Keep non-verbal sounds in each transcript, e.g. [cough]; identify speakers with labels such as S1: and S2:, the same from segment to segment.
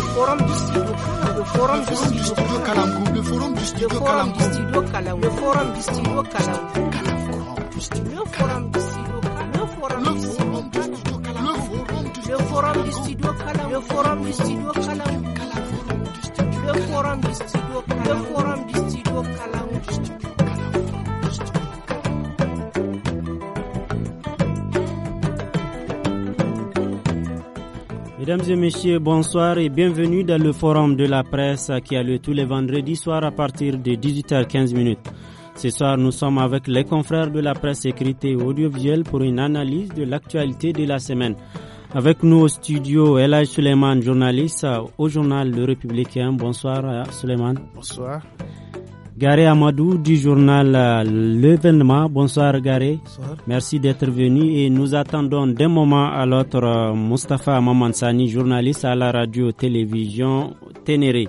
S1: le forum du studio Kalam, le forum
S2: du studio Kalam, le forum du studio Kalam, le forum du studio Kalam, le forum du studio Kalam, le forum du studio Kalam, le forum du studio
S1: Kalam, le forum du studio Kalam, le forum du studio Kalam, le forum du studio Kalam, le forum du studio Kalam,
S2: Mesdames et messieurs, bonsoir et bienvenue dans le forum de la presse qui a lieu tous les vendredis soirs à partir de 18h15 Ce soir, nous sommes avec les confrères de la presse écrite et audiovisuelle pour une analyse de l'actualité de la semaine. Avec nous au studio, Elaj Suleiman, journaliste au journal Le Républicain. Bonsoir, Suleiman. Bonsoir. Garé Amadou du journal euh, L'événement. Bonsoir Garé. Bonsoir. Merci d'être venu et nous attendons d'un moment à l'autre euh, Mustapha Mamansani, journaliste à la radio-télévision Ténéré.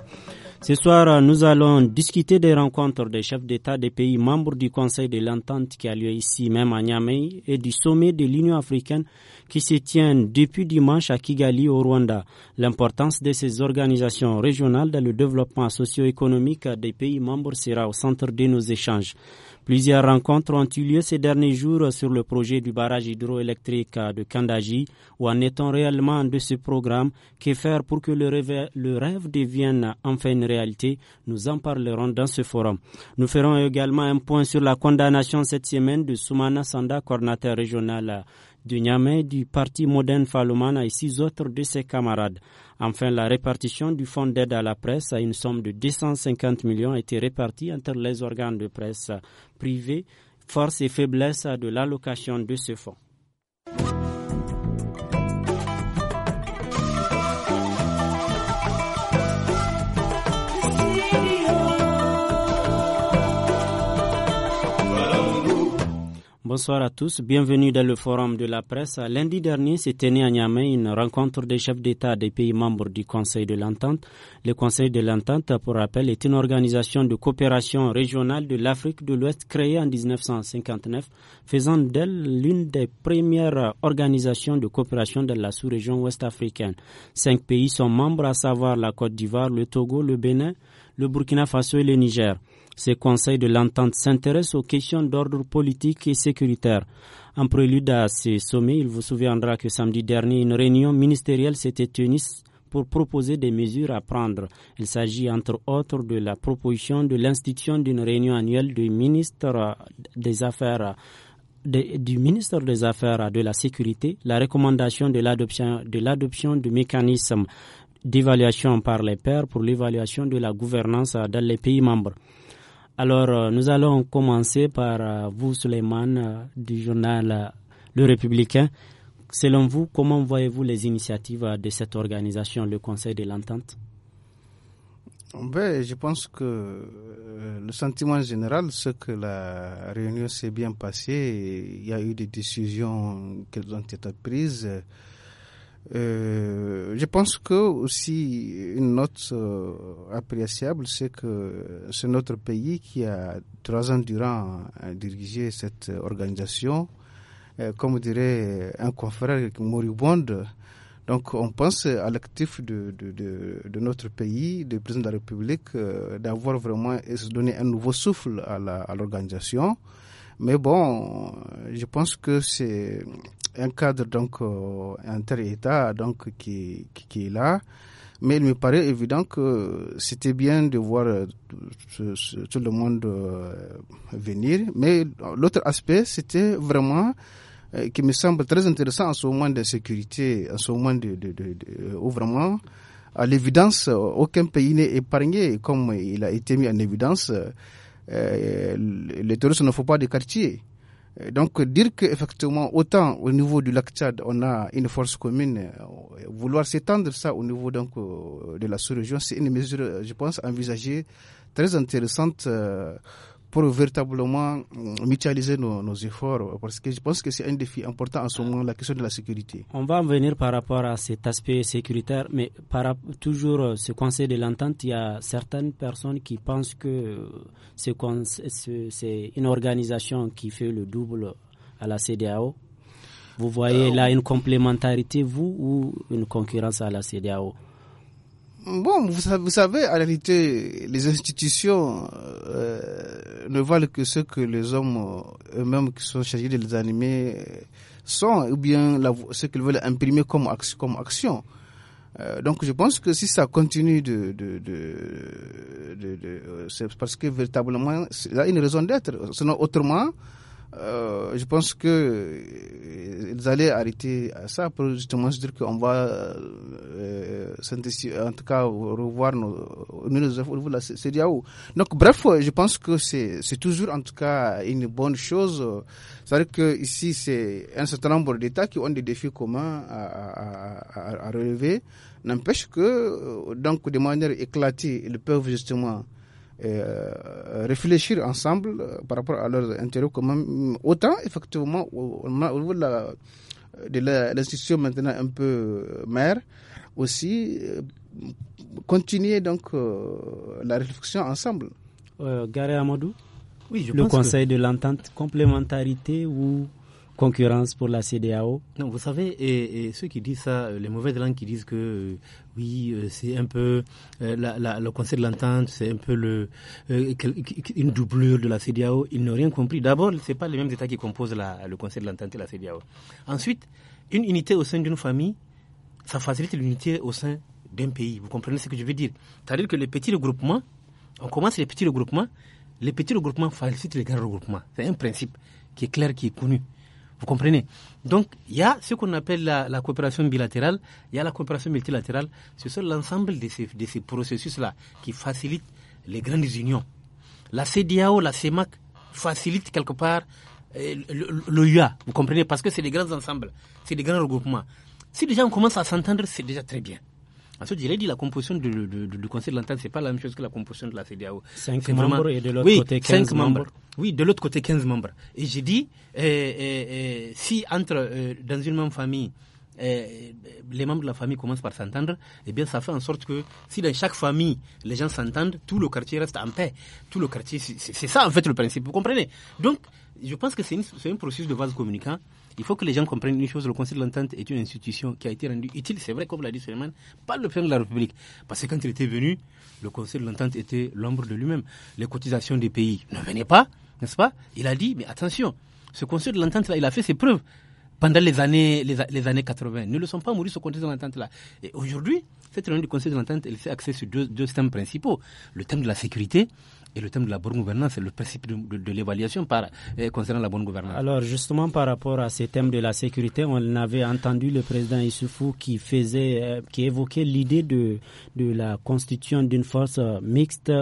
S2: Ce soir, euh, nous allons discuter des rencontres des chefs d'État des pays membres du Conseil de l'Entente qui a lieu ici même à Niamey et du sommet de l'Union africaine qui se tiennent depuis dimanche à Kigali au Rwanda. L'importance de ces organisations régionales dans le développement socio-économique des pays membres sera au centre de nos échanges. Plusieurs rencontres ont eu lieu ces derniers jours sur le projet du barrage hydroélectrique de Kandaji. Où en étant réellement de ce programme Que faire pour que le rêve, devienne enfin une réalité Nous en parlerons dans ce forum. Nous ferons également un point sur la condamnation cette semaine de Soumana Sanda, coordinateur régional du Niamey du parti moderne Falomana et six autres de ses camarades. Enfin, la répartition du fonds d'aide à la presse à une somme de 250 millions a été répartie entre les organes de presse privés, force et faiblesse de l'allocation de ce fonds. Bonsoir à tous. Bienvenue dans le forum de la presse. Lundi dernier s'est tenue à Niamey une rencontre des chefs d'État des pays membres du Conseil de l'Entente. Le Conseil de l'Entente, pour rappel, est une organisation de coopération régionale de l'Afrique de l'Ouest créée en 1959, faisant d'elle l'une des premières organisations de coopération de la sous-région ouest africaine. Cinq pays sont membres, à savoir la Côte d'Ivoire, le Togo, le Bénin, le Burkina Faso et le Niger. Ce Conseil de l'entente s'intéresse aux questions d'ordre politique et sécuritaire. En prélude à ces sommets, il vous souviendra que samedi dernier, une réunion ministérielle s'était tenue pour proposer des mesures à prendre. Il s'agit entre autres de la proposition de l'institution d'une réunion annuelle du ministre des Affaires de, du ministre des Affaires de la Sécurité, la recommandation de l'adoption du mécanisme d'évaluation par les pairs pour l'évaluation de la gouvernance dans les pays membres. Alors, euh, nous allons commencer par euh, vous, Suleiman, euh, du journal Le Républicain. Selon vous, comment voyez-vous les initiatives de cette
S3: organisation, le Conseil de l'Entente ben, Je pense que le sentiment général, c'est que la réunion s'est bien passée. Il y a eu des décisions qui ont été prises. Euh, je pense que aussi une note euh, appréciable, c'est que c'est notre pays qui a trois ans durant dirigé cette organisation, euh, comme dirait un confrère moribonde. Donc on pense à l'actif de, de, de, de, notre pays, du président de la République, d'avoir vraiment donné un nouveau souffle à l'organisation. Mais bon, je pense que c'est un cadre donc euh, inter-État donc qui, qui, est là. Mais il me paraît évident que c'était bien de voir euh, tout le monde euh, venir. Mais l'autre aspect, c'était vraiment qui me semble très intéressant en ce moment de sécurité, en ce moment de, de, où vraiment, à l'évidence, aucun pays n'est épargné, comme il a été mis en évidence. les terroristes ne font pas de quartiers. Euh, donc dire qu'effectivement, autant au niveau du lac Tchad, on a une force commune, euh, vouloir s'étendre ça au niveau donc, euh, de la sous-région, c'est une mesure, je pense, envisagée, très intéressante pour véritablement euh, mutualiser nos, efforts, euh, parce que je pense que c'est un défi important en ce moment, la question de la sécurité.
S2: On va en venir par rapport à cet aspect sécuritaire, mais par, toujours euh, ce conseil de l'entente, il y a certaines personnes qui pensent que c'est une organisation qui fait le double à la CDAO. Vous voyez là une complémentarité, vous, ou une concurrence à la CDAO
S3: Bon, vous, vous savez, en réalité, les institutions euh, ne valent que ce que les hommes euh, eux-mêmes qui sont chargés de les animer euh, sont, ou bien ce qu'ils veulent imprimer comme, action. donc je pense que si ça continue de, de, de, c'est parce que véritablement, il a une raison d'être. Sinon, autrement, euh, je pense que euh, ils allaient arrêter ça pour justement se dire qu'on va euh, en tout cas revoir nos, Donc bref, je pense que c'est toujours en tout cas une bonne chose. cest vrai dire que ici c'est un certain nombre d'États qui ont des défis communs à, à relever. N'empêche que donc de manière éclatée ils peuvent justement euh, réfléchir ensemble euh, par rapport à leurs intérêts communs. Autant, effectivement, au, niveau de l'institution maintenant un peu euh, mère, aussi continuer donc la réflexion ensemble. Euh, Gare Amadou Oui, Le conseil
S2: de l'entente,
S3: complémentarité ou
S2: concurrence pour la CDAO
S1: Non, vous savez, et, ceux qui disent ça, euh, les mauvaises langues qui disent que euh, oui, euh, c'est un peu le Conseil de l'entente, c'est un peu une doublure de la CDAO. Ils n'ont rien compris. D'abord, c'est pas les mêmes États qui composent le Conseil de l'entente et la CDAO. Ensuite, une unité au sein d'une famille, ça facilite l'unité au sein d'un pays. Vous comprenez ce que je veux dire C'est-à-dire que les petits regroupements, on commence les petits regroupements, les petits regroupements facilitent les grands regroupements. C'est un principe qui est clair, qui est connu. Vous comprenez Donc, il y a ce qu'on appelle la, coopération bilatérale, il y a la coopération multilatérale. Ce sont l'ensemble de ces, processus-là qui facilitent les grandes unions. La CDAO, la CEMAC facilitent quelque part euh, l'OIA. vous comprenez Parce que c'est des grands ensembles, c'est des grands regroupements. Si déjà on commence à s'entendre, c'est déjà très bien. Ensuite, je l'ai dit, la composition du, Conseil de l'entente, n'est pas la même chose que la composition de la CDAO. Cinq membres et de l'autre côté 15 cinq membres. Oui, de l'autre côté 15 membres. Et j'ai dit, euh, euh, euh, si entre dans une même famille, eh, eh, les membres de la famille commencent par s'entendre, eh bien, ça fait en sorte que si dans chaque famille, les gens s'entendent, tout le quartier reste en paix. Tout le quartier, c'est ça en fait le principe, vous comprenez Donc, je pense que c'est un processus de base communicant. Il faut que les gens comprennent une chose, le Conseil de l'entente est une institution qui a été rendue utile, c'est vrai, comme l'a dit Suleiman, par le président de la République. Parce que quand il était venu, le Conseil de l'entente était l'ombre de lui-même. Les cotisations des pays ne venaient pas, n'est-ce pas Il a dit, mais attention, ce Conseil de l'entente, il a fait ses preuves pendant les années, les, nous années 80. Ne le sont pas sur ce Conseil de l'entente-là. Et aujourd'hui, cette réunion du Conseil de l'entente, elle s'est axée sur deux, thèmes principaux. Le thème de la sécurité et le thème de la bonne gouvernance, le principe de, l'évaluation par, eh, concernant la bonne gouvernance.
S2: Alors justement par rapport à ces thèmes de la sécurité, on avait entendu le président Issoufou qui faisait, euh, qui évoquait l'idée de, la constitution d'une force euh, mixte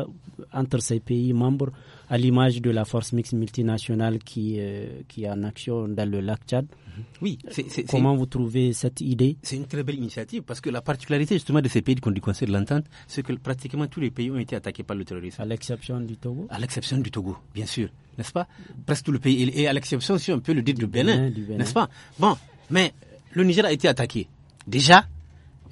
S2: entre ces pays membres, à l'image de la force mixte multinationale qui, euh, qui est en action dans le lac Tchad. Mhm. Oui. c'est Comment vous trouvez cette idée C'est une très belle initiative parce que la particularité
S1: justement de ces pays du Conseil de l'entente, c'est que pratiquement tous les pays ont été attaqués par le terrorisme. À l'exception du Togo À l'exception du Togo, bien sûr, n'est-ce pas Presque tout le pays. Et à l'exception, si on peut le dire, du, Bénin, n'est-ce pas Bon, mais le Niger a été attaqué. Déjà,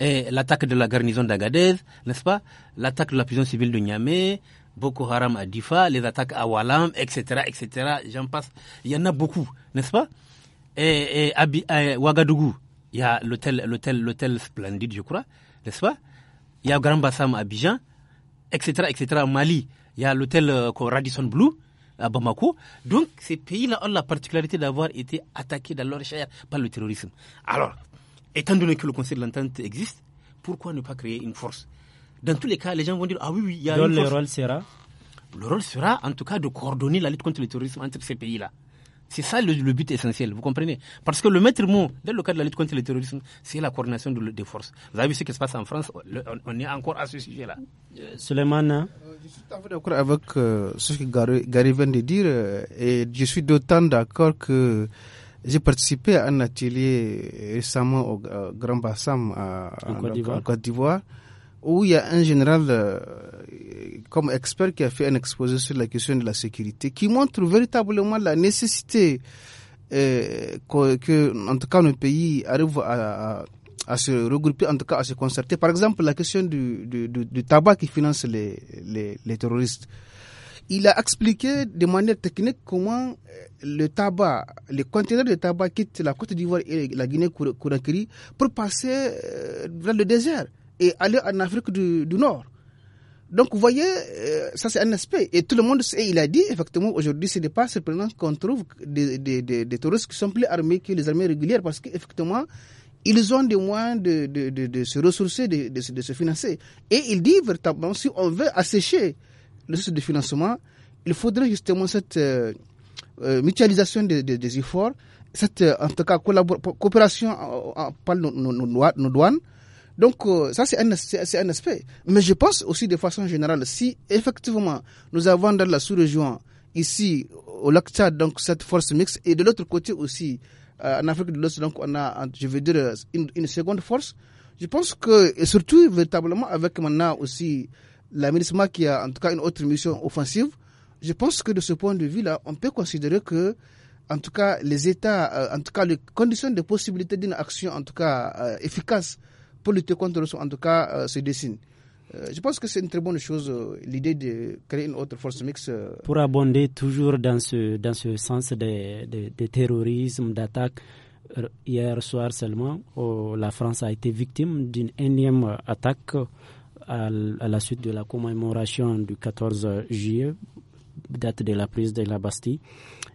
S1: l'attaque de la garnison d'Agadez, n'est-ce pas L'attaque de la prison civile de Niamey, Boko Haram à Difa, les attaques à Walam, etc., etc. J'en passe. Il y en a beaucoup, n'est-ce pas et, à Ouagadougou, il y a l'hôtel, l'hôtel, l'hôtel Splendide, je crois, n'est-ce pas Il y a Grand Bassam à Abidjan, etc., etc. Mali, il y a l'hôtel euh, Radisson Blue à Bamako. Donc, ces pays-là ont la particularité d'avoir été attaqués dans leur chair par le terrorisme. Alors, étant donné que le Conseil de l'entente existe, pourquoi ne pas créer une force Dans tous les cas, les gens vont dire, ah oui, oui, il y a le rôle
S2: sera Le rôle
S1: sera, en tout cas, de coordonner la lutte contre le terrorisme entre ces pays-là. C'est ça le, but essentiel, vous comprenez Parce que le maître mot, dans le cadre de la lutte contre le terrorisme, c'est la coordination de, des forces. Vous avez vu ce qui se passe en France, on, est encore à ce sujet-là. Euh,
S3: hein? euh, je suis d'accord avec euh, ce que Gary, vient de dire, et je suis d'autant d'accord que j'ai participé à un atelier récemment au Grand Bassam à, en, Côte d'Ivoire, où il y a un général comme expert qui a fait un exposé sur la question de la sécurité, qui montre véritablement la nécessité euh, que, en tout cas, nos pays arrivent à, se regrouper, en tout cas à se concerter. Par exemple, la question du, tabac qui finance les, terroristes. Il a expliqué de manière technique comment euh, le tabac, les conteneurs de tabac quittent la Côte d'Ivoire et la Guinée-Conakry pour passer euh, dans le désert et aller en Afrique du, du Nord. Donc, vous voyez, euh, ça c'est un aspect. Et tout le monde sait, il a dit, effectivement, aujourd'hui, ce n'est pas surprenant qu'on trouve des, des, des, terroristes qui sont plus armés que les armées régulières, parce qu'effectivement, ils ont des moyens de, de, de, se ressourcer, de, se financer. Et il dit, véritablement, si on veut assécher le système de financement, il faudrait justement cette euh, euh, mutualisation des efforts, cette, en tout cas, coopération par nos, nos, nos douanes, donc, euh, ça, c'est un, un, aspect. Mais je pense aussi de façon générale, si effectivement nous avons dans la sous-région, ici, au lac donc cette force mixte, et de l'autre côté aussi, euh, en Afrique de l'Ouest, donc on a, je veux dire, une, seconde force, je pense que, et surtout, véritablement, avec maintenant aussi la MINISMA qui a en tout cas une autre mission offensive, je pense que de ce point de vue-là, on peut considérer que en tout cas les États, euh, en tout cas les conditions de possibilité d'une action en tout cas efficace pour lutter contre le en tout cas, euh, se dessine. Euh, je pense que c'est une très bonne chose, euh, l'idée de créer une autre force mixte.
S2: Pour abonder toujours dans ce, dans ce sens de, terrorisme, d'attaque, hier soir seulement, oh, la France a été victime d'une énième attaque à, à, la suite de la commémoration du 14 juillet date de la prise de la Bastille.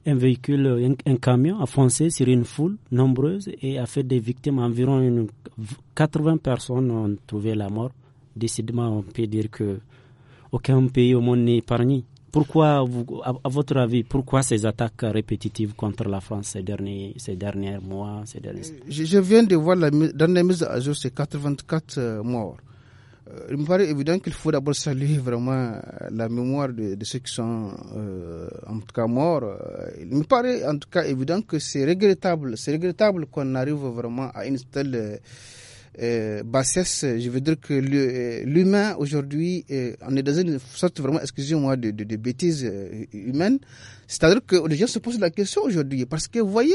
S2: Un véhicule, un, camion a foncé sur une foule nombreuse et a fait des victimes. Environ 80 personnes ont trouvé la mort. Décidément, on peut dire que aucun pays au monde n'est épargné. Pourquoi, à, votre avis, pourquoi ces attaques répétitives contre la France ces derniers, ces mois, ces
S3: Je, viens de voir la, dans les mises à jour, c'est 84 euh, morts. Euh, il me paraît évident qu'il faut d'abord saluer vraiment euh, la mémoire de, ceux qui sont euh, en tout cas morts. Il me paraît en tout cas évident que c'est regrettable, c'est regrettable qu'on arrive vraiment à une telle euh, bassesse. Je veux dire que euh, l'humain aujourd'hui, euh, on est dans une sorte vraiment, excusez-moi, de, bêtises humaines. C'est-à-dire que les gens se posent la question aujourd'hui parce que vous voyez,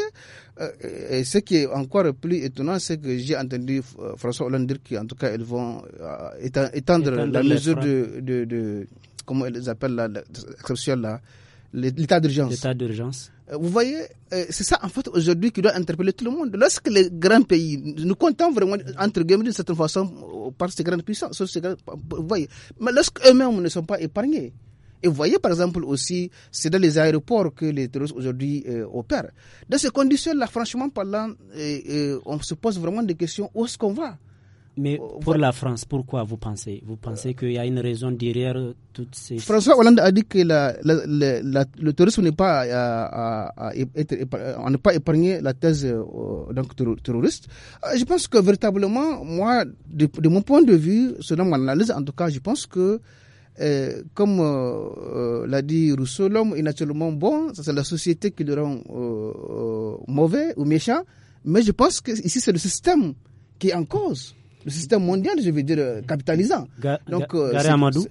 S3: ce qui est encore plus étonnant, c'est que j'ai entendu François Hollande dire qu'en tout cas, ils vont étendre, la mesure de, de, comment ils appellent l'exception là l'état d'urgence. L'état d'urgence. Euh, vous voyez, euh, c'est ça en fait aujourd'hui qui doit interpeller tout le monde. Lorsque les grands pays, nous comptons vraiment entre guillemets d'une certaine façon euh, par ces grandes puissances, vous voyez, mais lorsque eux-mêmes ne sont pas épargnés. Et vous voyez par exemple aussi, c'est dans les aéroports que les terroristes aujourd'hui opèrent. Dans ces conditions-là, franchement parlant, on se pose vraiment des questions où est-ce qu'on va mais pour la
S2: France, pourquoi vous pensez Vous pensez qu'il y a une raison derrière toutes ces... François
S3: Hollande a dit que le terrorisme n'est pas, à, euh, à, euh, euh, pas épargné la thèse donc, terroriste. Je pense que véritablement, moi, de, mon point de vue, selon mon analyse, en tout cas, je pense que comme l'a dit Rousseau, l'homme est naturellement bon, c'est la société qui le rend mauvais ou méchant, mais je pense que ici c'est le système qui est en cause le système mondial, je veux dire, euh, capitalisant. Donc, euh, Amadou,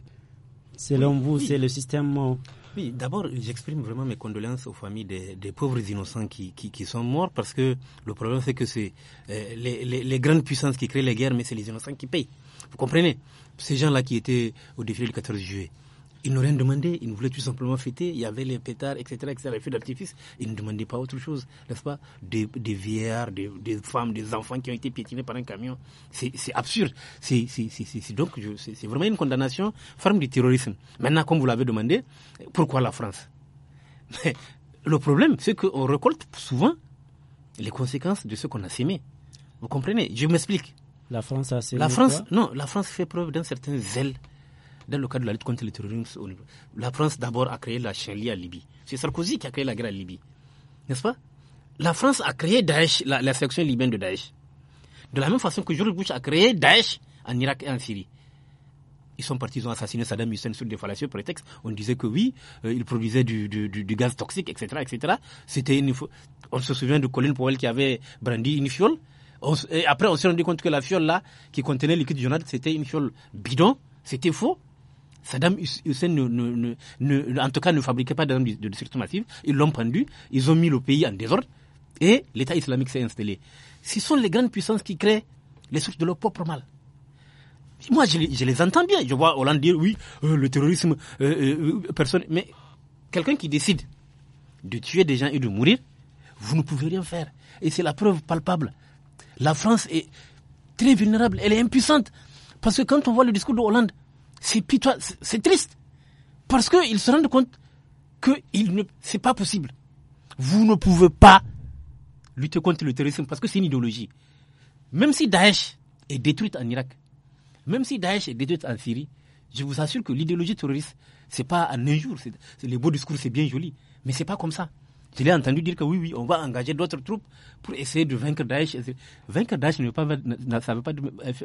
S2: selon vous, c'est le système. Euh,
S1: oui, d'abord, j'exprime vraiment mes condoléances aux familles des, pauvres innocents qui, qui, sont morts parce que le problème, c'est que c'est les, les, grandes puissances qui créent les guerres, mais c'est les innocents qui payent. Vous comprenez Ces gens-là qui étaient au défilé du 14 juillet, ils n'ont rien demandé, ils voulaient tout simplement fêter. Il y avait les pétards, etc., etc., les feux d'artifice. Ils ne demandaient pas autre chose, n'est-ce pas des, vieillards, des, femmes, des enfants qui ont été piétinés par un camion. C'est absurde. C'est donc c'est vraiment une condamnation forme du terrorisme. Maintenant, comme vous l'avez demandé, pourquoi la France le problème, c'est qu'on récolte souvent les conséquences de ce qu'on a sémé. Vous comprenez Je m'explique. La France a sémé. La France, non, la France fait preuve d'un certain zèle dans le cadre de la lutte contre le terrorisme La France d'abord a créé la Chalie à Libye. C'est Sarkozy qui a créé la guerre à Libye. N'est-ce pas La France a créé Daesh, la, section libyenne de Daesh. De la même façon que George Bush a créé Daesh en Irak et en Syrie. Ils sont partis, ils ont assassiné Saddam Hussein sur des fallacieux prétextes. On disait que oui, euh, il produisait du, gaz toxique, etc. etc. C'était une... On se souvient de Colin Powell qui avait brandi une fiole. et après, on s'est rendu compte que la fiole là, qui contenait le liquide journal, c'était une fiole bidon. C'était faux. Saddam Hussein, en tout cas, ne fabriquait pas d'armes de, destruction massive. Ils l'ont pendu, ils ont mis le pays en désordre et l'État islamique s'est installé. Ce sont les grandes puissances qui créent les sources de leur propre mal. Moi, je, les entends bien. Je vois Hollande dire oui, euh, le terrorisme, euh, euh, personne. Mais quelqu'un qui décide de tuer des gens et de mourir, vous ne pouvez rien faire. Et c'est la preuve palpable. La France est très vulnérable, elle est impuissante. Parce que quand on voit le discours de Hollande, c'est c'est triste. Parce qu'ils se rendent compte que ne, c'est pas possible. Vous ne pouvez pas lutter contre le terrorisme parce que c'est une idéologie. Même si Daesh est détruite en Irak, même si Daesh est détruite en Syrie, je vous assure que l'idéologie terroriste, c'est pas en un jour. C'est, les beaux discours, c'est bien joli, mais c'est pas comme ça. Je l'ai entendu dire que oui, oui, on va engager d'autres troupes pour essayer de vaincre Daesh. Vaincre Daesh ne veut pas, euh,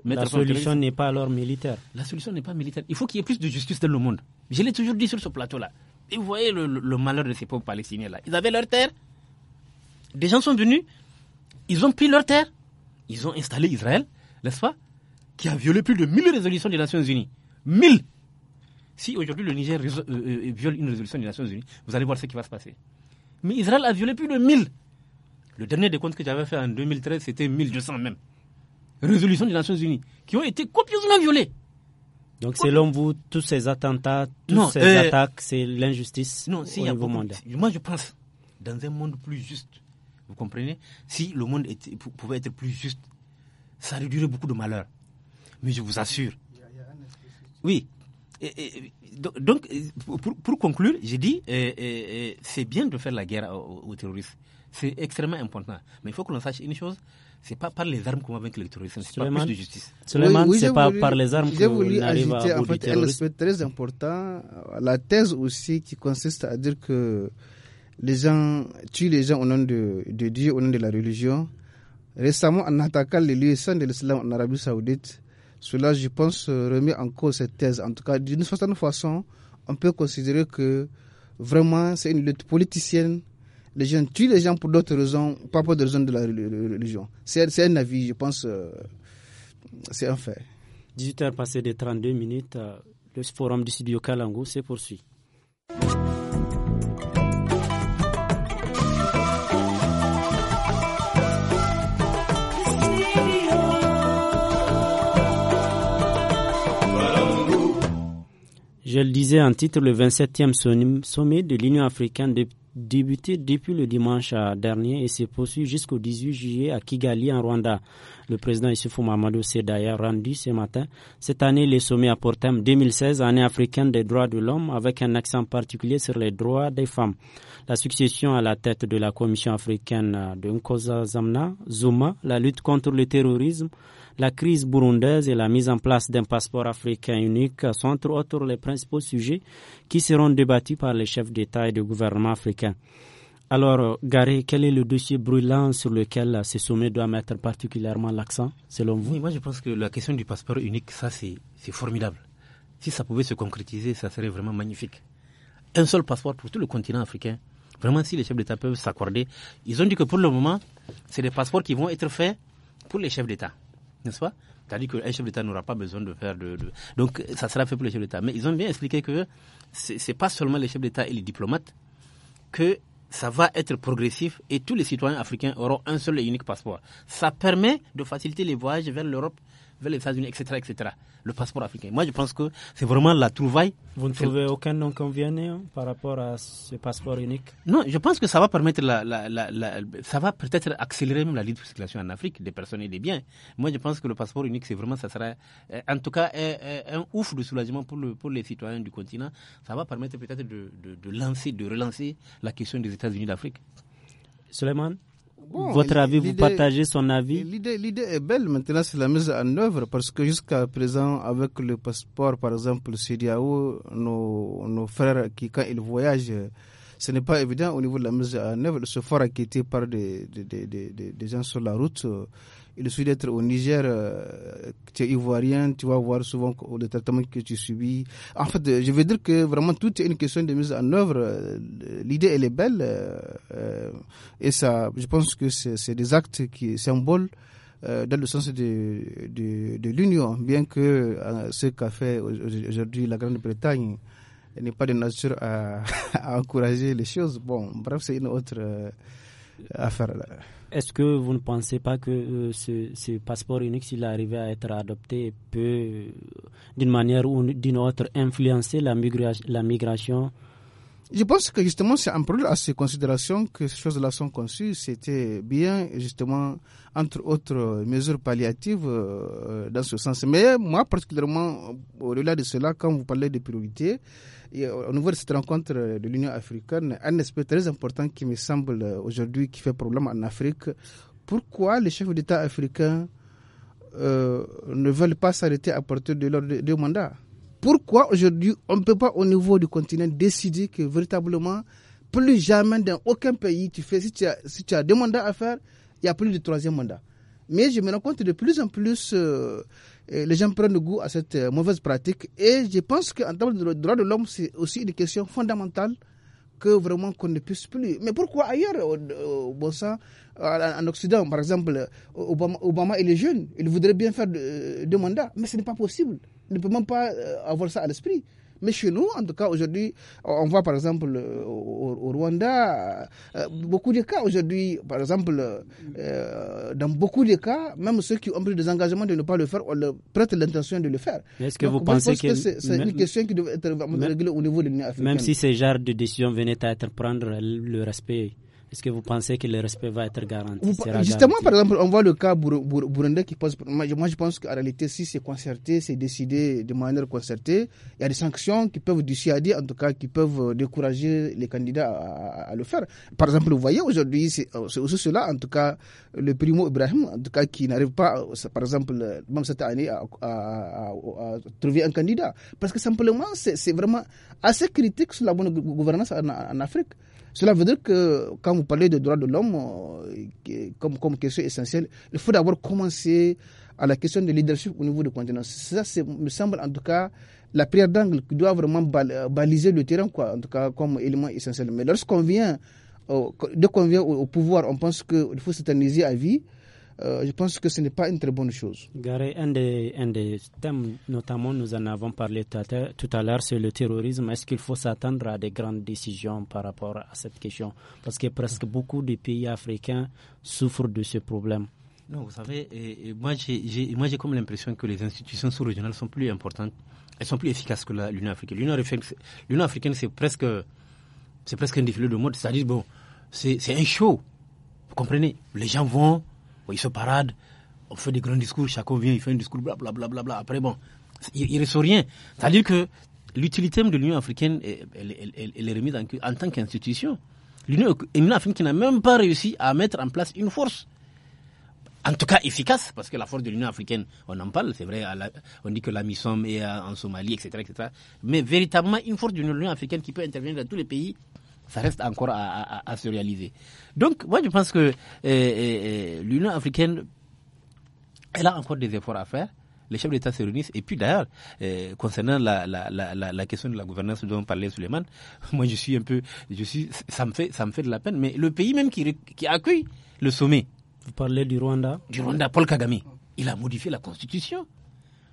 S1: mettre La solution n'est pas alors militaire. La solution n'est pas militaire. Il faut qu'il y ait plus de justice dans le monde. Je l'ai toujours dit sur ce plateau-là. Et vous voyez le, malheur de ces pauvres Palestiniens-là. Ils avaient leur terre. Des gens sont venus. Ils ont pris leur terre. Ils ont installé Israël, n'est-ce pas Qui a violé plus de 1000 résolutions des Nations Unies. 1000 Si aujourd'hui le Niger euh, euh, viole une résolution des Nations Unies, vous allez voir ce qui va se passer. Mais Israël a violé plus de 1000. Le dernier décompte que j'avais fait en 2013, c'était 1200 même. Résolution des Nations Unies, qui ont été copieusement
S2: violées. Donc, selon vous, tous ces attentats, toutes ces euh, attaques, c'est l'injustice Non, si
S1: Moi, je pense, dans un monde plus juste, vous comprenez Si le monde pouvait être plus juste, ça réduirait beaucoup de malheurs. Mais je vous assure. Oui, donc, pour, conclure, j'ai dit, c'est bien de faire la guerre aux, terroristes. C'est extrêmement important. Mais il faut que l'on sache une chose, c'est pas par les armes qu'on va vaincre le terrorisme, c'est pas plus de justice. seulement pas par les armes qu'on arrive à en fait, un aspect
S3: très important, la thèse aussi qui consiste à dire que les gens tuent les gens au nom de, Dieu, au nom de la religion. Récemment, en attaquant les lieux saints de l'islam en Arabie Saoudite, cela, je pense, euh, remet en cause cette thèse. En tout cas, d'une certaine façon, on peut considérer que vraiment c'est une lutte politicienne. Les gens tuent les gens pour d'autres raisons, pas pour des raisons de la religion. C'est un avis, je pense, euh, c'est un fait.
S2: 18h passé de 32 minutes, euh, le forum du studio Kalango se poursuit. Je le disais en titre, le 27e sommet de l'Union africaine débuté depuis le dimanche dernier et s'est poursuivi jusqu'au 18 juillet à Kigali en Rwanda. Le président Issoufou Mamadou s'est d'ailleurs rendu ce matin. Cette année, le sommet a porté thème 2016, année africaine des droits de l'homme, avec un accent particulier sur les droits des femmes. La succession à la tête de la Commission africaine de Nkosa Zamna, Zuma, la lutte contre le terrorisme, la crise burundaise et la mise en place d'un passeport africain unique sont entre autres les principaux sujets qui seront débattus par les chefs d'État et de gouvernement africains. Alors, Gary, quel est le dossier brûlant sur lequel ce sommet doit mettre particulièrement l'accent, selon vous Oui, moi je pense que la question du passeport unique, ça
S1: c'est formidable. Si ça pouvait se concrétiser, ça serait vraiment magnifique. Un seul passeport pour tout le continent africain. Vraiment, si les chefs d'État peuvent s'accorder, ils ont dit que pour le moment, c'est des passeports qui vont être faits pour les chefs d'État n'est-ce pas cest à que chef d'État n'aura pas besoin de faire de, Donc ça sera fait pour les chefs d'État. Mais ils ont bien expliqué que ce n'est pas seulement les chefs d'État et les diplomates que ça va être progressif et tous les citoyens africains auront un seul et unique passeport. Ça permet de faciliter les voyages vers l'Europe vers les États-Unis, etc., etc. Le passeport africain. Moi, je pense que c'est vraiment la trouvaille. Vous ne trouvez aucun inconvénient hein, par rapport
S2: à ce passeport unique
S1: Non, je pense que ça va permettre, la, la, la, ça va peut-être accélérer même la libre circulation en Afrique des personnes et des biens. Moi, je pense que le passeport unique, c'est vraiment, ça sera, euh, en tout cas, euh, euh, un ouf de soulagement pour, pour les citoyens du continent. Ça va permettre peut-être de, de, de lancer, de relancer la question des États-Unis d'Afrique.
S3: Suleiman votre avis, vous partagez son avis L'idée est belle, maintenant c'est la mise en œuvre, parce que jusqu'à présent, avec le passeport, par exemple, CDAO, nos, nos frères qui, quand ils voyagent, ce n'est pas évident au niveau de la mise en œuvre. de se faire acquitter par des, des, des, des, gens sur la route il suffit d'être au Niger, euh, tu es ivoirien, tu vas voir souvent le traitement que tu subis. En fait, euh, je veux dire que vraiment tout est une question de mise en œuvre. Euh, l'idée, elle est belle. et ça, je pense que c'est des actes qui symbolent dans le sens de, de, l'union, bien que ce qu'a fait aujourd'hui la Grande-Bretagne n'est pas de nature à, [laughs] à, encourager les choses. Bon, bref, c'est une autre affaire. Là. Est-ce que
S2: vous ne pensez pas que euh, ce, passeport unique, s'il arrivait à être adopté, peut, euh, d'une manière ou d'une autre, influencer la migration
S3: je pense que justement, c'est en problème à ces considérations que ces choses-là sont conçues. C'était bien, justement, entre autres mesures palliatives euh, dans ce sens. Mais moi, particulièrement, euh, au-delà de cela, quand vous parlez de priorités, et au niveau de cette rencontre de l'Union africaine, un aspect très important qui me semble euh, aujourd'hui qui fait problème en Afrique, pourquoi les chefs d'État africains ne veulent pas s'arrêter à partir de leurs deux mandats pourquoi aujourd'hui on ne peut pas au niveau du continent décider que véritablement plus jamais dans aucun pays tu fais si tu as, si tu as deux mandats à faire, il n'y a plus de troisième mandat. Mais je me rends compte de plus en plus euh, les gens prennent goût à cette euh, mauvaise pratique et je pense qu'en termes de droits de l'homme c'est aussi une question fondamentale que vraiment qu'on ne puisse plus. Mais pourquoi ailleurs, au, en, Occident, par exemple, euh, Obama, Obama et les jeunes, il bien faire deux mandats, mais ce n'est pas possible ne peut même pas euh, avoir ça à l'esprit. Mais chez nous, en tout cas, aujourd'hui, on voit par exemple euh, au, Rwanda, euh, beaucoup de cas aujourd'hui, par exemple, dans beaucoup de cas, même ceux qui ont pris des engagements de ne pas le faire, on leur prête l'intention de le faire. Est-ce que vous pensez que, c'est une question qui doit être réglée au niveau de l'Union africaine Même si
S2: ces genres de décisions venaient à être prendre le respect est-ce que vous pensez que le respect va être garanti Justement, par
S3: exemple, on voit le cas burundais qui pose. Moi, je pense qu'en réalité, si c'est concerté, c'est décidé de manière concertée, il y a des sanctions qui peuvent dire, en tout cas, qui peuvent euh, décourager les candidats à, le faire. Par exemple, vous voyez, aujourd'hui, euh, c'est aussi cela, en tout cas, le primo Ibrahim, en tout cas, qui n'arrive pas, euh, par exemple, même cette année, à, trouver un candidat. Parce que simplement, c'est vraiment assez critique sur la bonne gouvernance en Afrique. Cela veut dire que quand vous parlez de droits de l'homme euh, comme, comme question essentielle, il faut d'abord commencer à la question de leadership au niveau du continent. Ça, me semble en tout cas la prière d'angle qui doit vraiment euh, baliser le terrain, quoi, en tout cas comme élément essentiel. Mais lorsqu'on vient, vient au, pouvoir, on pense qu'il faut s'éterniser à vie. Euh, je pense que ce n'est pas une très bonne chose.
S2: Garé, un des, thèmes, notamment nous en avons parlé tout à l'heure, c'est le terrorisme. Est-ce qu'il faut s'attendre à des grandes décisions par rapport à cette question Parce que presque beaucoup de pays africains souffrent de ce problème.
S1: Non, vous savez, moi j'ai comme l'impression que les institutions sous-régionales sont plus importantes, elles sont plus efficaces que l'Union africaine. L'Union africaine, c'est presque, presque un défilé de mode, c'est-à-dire, bon, c'est un show. Vous comprenez Les gens vont, ils se paradent, on fait des grands discours, chacun vient, il fait un discours, blablabla. Bla, bla, bla, Après, bon, il ne ressort rien. C'est-à-dire que l'utilité de l'Union africaine, elle, est remise en, tant qu'institution. L'Union africaine n'a même pas réussi à mettre en place une force. En tout cas efficace, parce que la force de l'Union africaine, on en parle, c'est vrai, on dit que la MISOM est en Somalie, etc., etc. Mais véritablement une force de l'Union africaine qui peut intervenir dans tous les pays ça reste encore à, se réaliser. Donc, moi, je pense que euh, euh, l'Union africaine, elle a encore des efforts à faire. Les chefs d'État se réunissent. Et puis d'ailleurs, euh, concernant la, question de la gouvernance dont parlait Suleiman, [laughs] moi je suis un peu, je suis, ça me fait, ça me fait de la peine. Mais le pays même qui, qui accueille le sommet. Vous parlez du Rwanda. Du Rwanda, Paul Kagame, il a modifié la constitution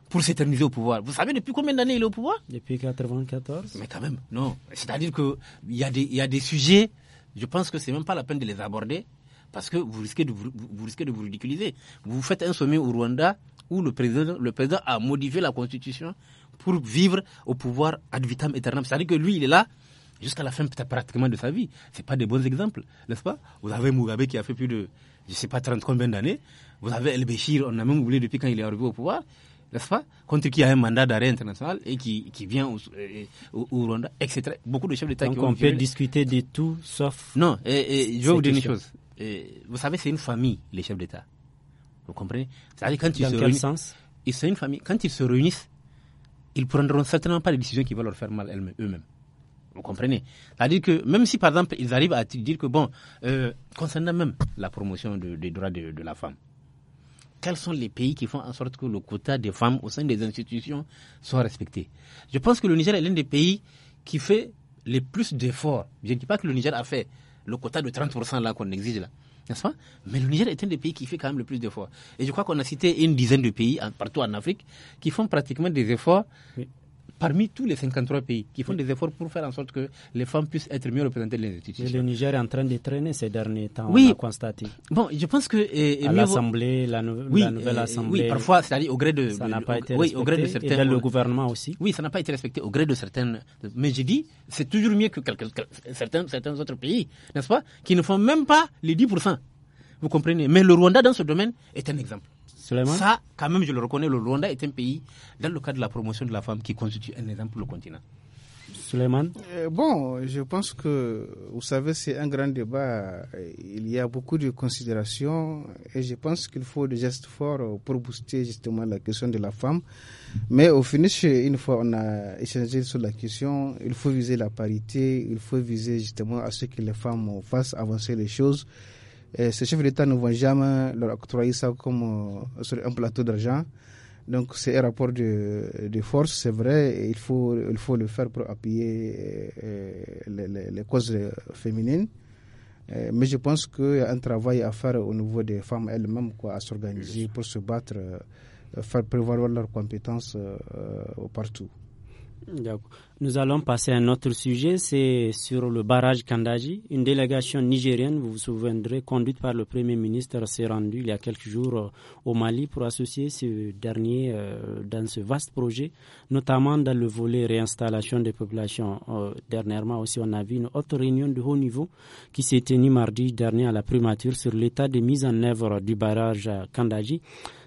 S1: pour s'éterniser au pouvoir. Vous savez depuis combien d'années il est au pouvoir Depuis 1994. Mais quand même, non. C'est-à-dire qu'il y, a des, y a des sujets, je pense que c'est même pas la peine de les aborder parce que vous risquez de vous, risquez de vous ridiculiser. Vous faites un sommet au Rwanda où le président, le président a modifié la constitution pour vivre au pouvoir ad vitam aeternam. C'est-à-dire que lui, il est là jusqu'à la fin pratiquement de sa vie. Ce pas des bons exemples, n'est-ce pas Vous avez Mugabe qui a fait plus de, je ne sais pas, 30 combien d'années. Vous avez El Béchir, on a même oublié depuis quand il est arrivé au pouvoir n'est-ce pas Contre qui a un mandat d'arrêt international et qui, vient au, Rwanda, etc. Beaucoup de chefs d'État qui ont... on peut
S2: discuter de tout sauf... Non, je vais vous dire une chose.
S1: vous savez, c'est une famille, les chefs d'État. Vous comprenez quand ils se quel réunissent, Ils sont une famille. Quand ils se réunissent, ils prendront certainement pas les décisions qui vont leur faire mal eux-mêmes. Vous comprenez C'est-à-dire que même si, par exemple, ils arrivent à dire que, bon, euh, concernant même la promotion des droits de la femme, quels sont les pays qui font en sorte que le quota des femmes au sein des institutions soit respecté. Je pense que le Niger est l'un des pays qui fait le plus d'efforts. Je ne dis pas que le Niger a fait le quota de 30% là qu'on exige là. N'est-ce pas Mais le Niger est un des pays qui fait quand même le plus d'efforts. Et je crois qu'on a cité une dizaine de pays partout en Afrique qui font pratiquement des efforts parmi tous les 53 pays qui font des efforts pour faire en sorte que les femmes puissent être
S2: mieux représentées dans les institutions. le Niger est en train de traîner ces derniers temps, oui. on a constaté.
S1: Bon, je pense que... Euh, l'Assemblée, la, nouvelle euh, Assemblée... oui, parfois, c'est-à-dire au gré de... Ça n'a pas été oui, au gré de certains, et le gouvernement aussi. Oui, ça n'a pas été respecté au gré de certaines... Mais j'ai dit, c'est toujours mieux que certains, certains autres pays, n'est-ce pas, qui ne font même pas les 10%. Vous comprenez Mais le Rwanda, dans ce domaine, est un exemple. Ça, quand même, je le reconnais, le Rwanda est un pays, dans le cadre de la promotion de la femme, qui constitue un exemple pour le continent.
S3: Suleiman euh, Bon, je pense que, vous savez, c'est un grand débat. Il y a beaucoup de considérations et je pense qu'il faut des gestes forts pour booster justement la question de la femme. Mais au finish, une fois on a échangé sur la question, il faut viser la parité, il faut viser justement à ce que les femmes fassent avancer les choses. Et ces chefs d'État ne vont jamais leur octroyer ça comme euh, sur un plateau d'argent. Donc c'est un rapport de, force, c'est vrai, et il faut, il faut le faire pour appuyer euh, les, causes euh, féminines. Mais je pense qu'il y a un travail à faire au niveau des femmes elles-mêmes, quoi, à s'organiser pour se battre, faire prévaloir leurs compétences partout.
S2: Nous allons passer à un autre sujet, c'est sur le barrage Kandaji. Une délégation nigérienne, vous vous souviendrez, conduite par le Premier ministre, s'est rendue il y a quelques jours euh, au Mali pour associer ce dernier euh, dans ce vaste projet, notamment dans le volet réinstallation des populations. Euh, dernièrement aussi, on a vu une autre réunion de haut niveau qui s'est tenue mardi dernier à la primature sur l'état de mise en œuvre du barrage Kandaji.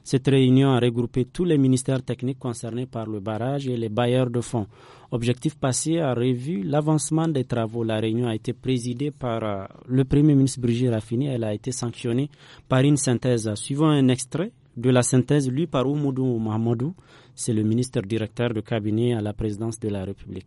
S2: Cette réunion a regroupé tous les ministères techniques concernés par le barrage et les bailleurs de fonds. Objectif passé a revu l'avancement des travaux. La réunion a été présidée par euh, le Premier ministre Brigitte Raffini. Elle a été sanctionnée par une synthèse. Suivant un extrait de la synthèse lui par Oumoudou Mahmoudou, c'est le ministre directeur de cabinet à la présidence de la République.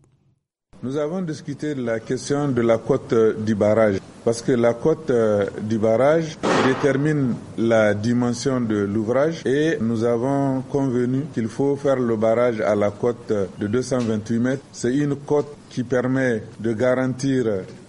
S4: Nous avons discuté de la question de la cote euh, du barrage, parce que la cote euh, du barrage détermine la dimension de l'ouvrage et nous avons convenu qu'il faut faire le barrage à la cote euh, de 228 mètres. C'est une cote qui permet de garantir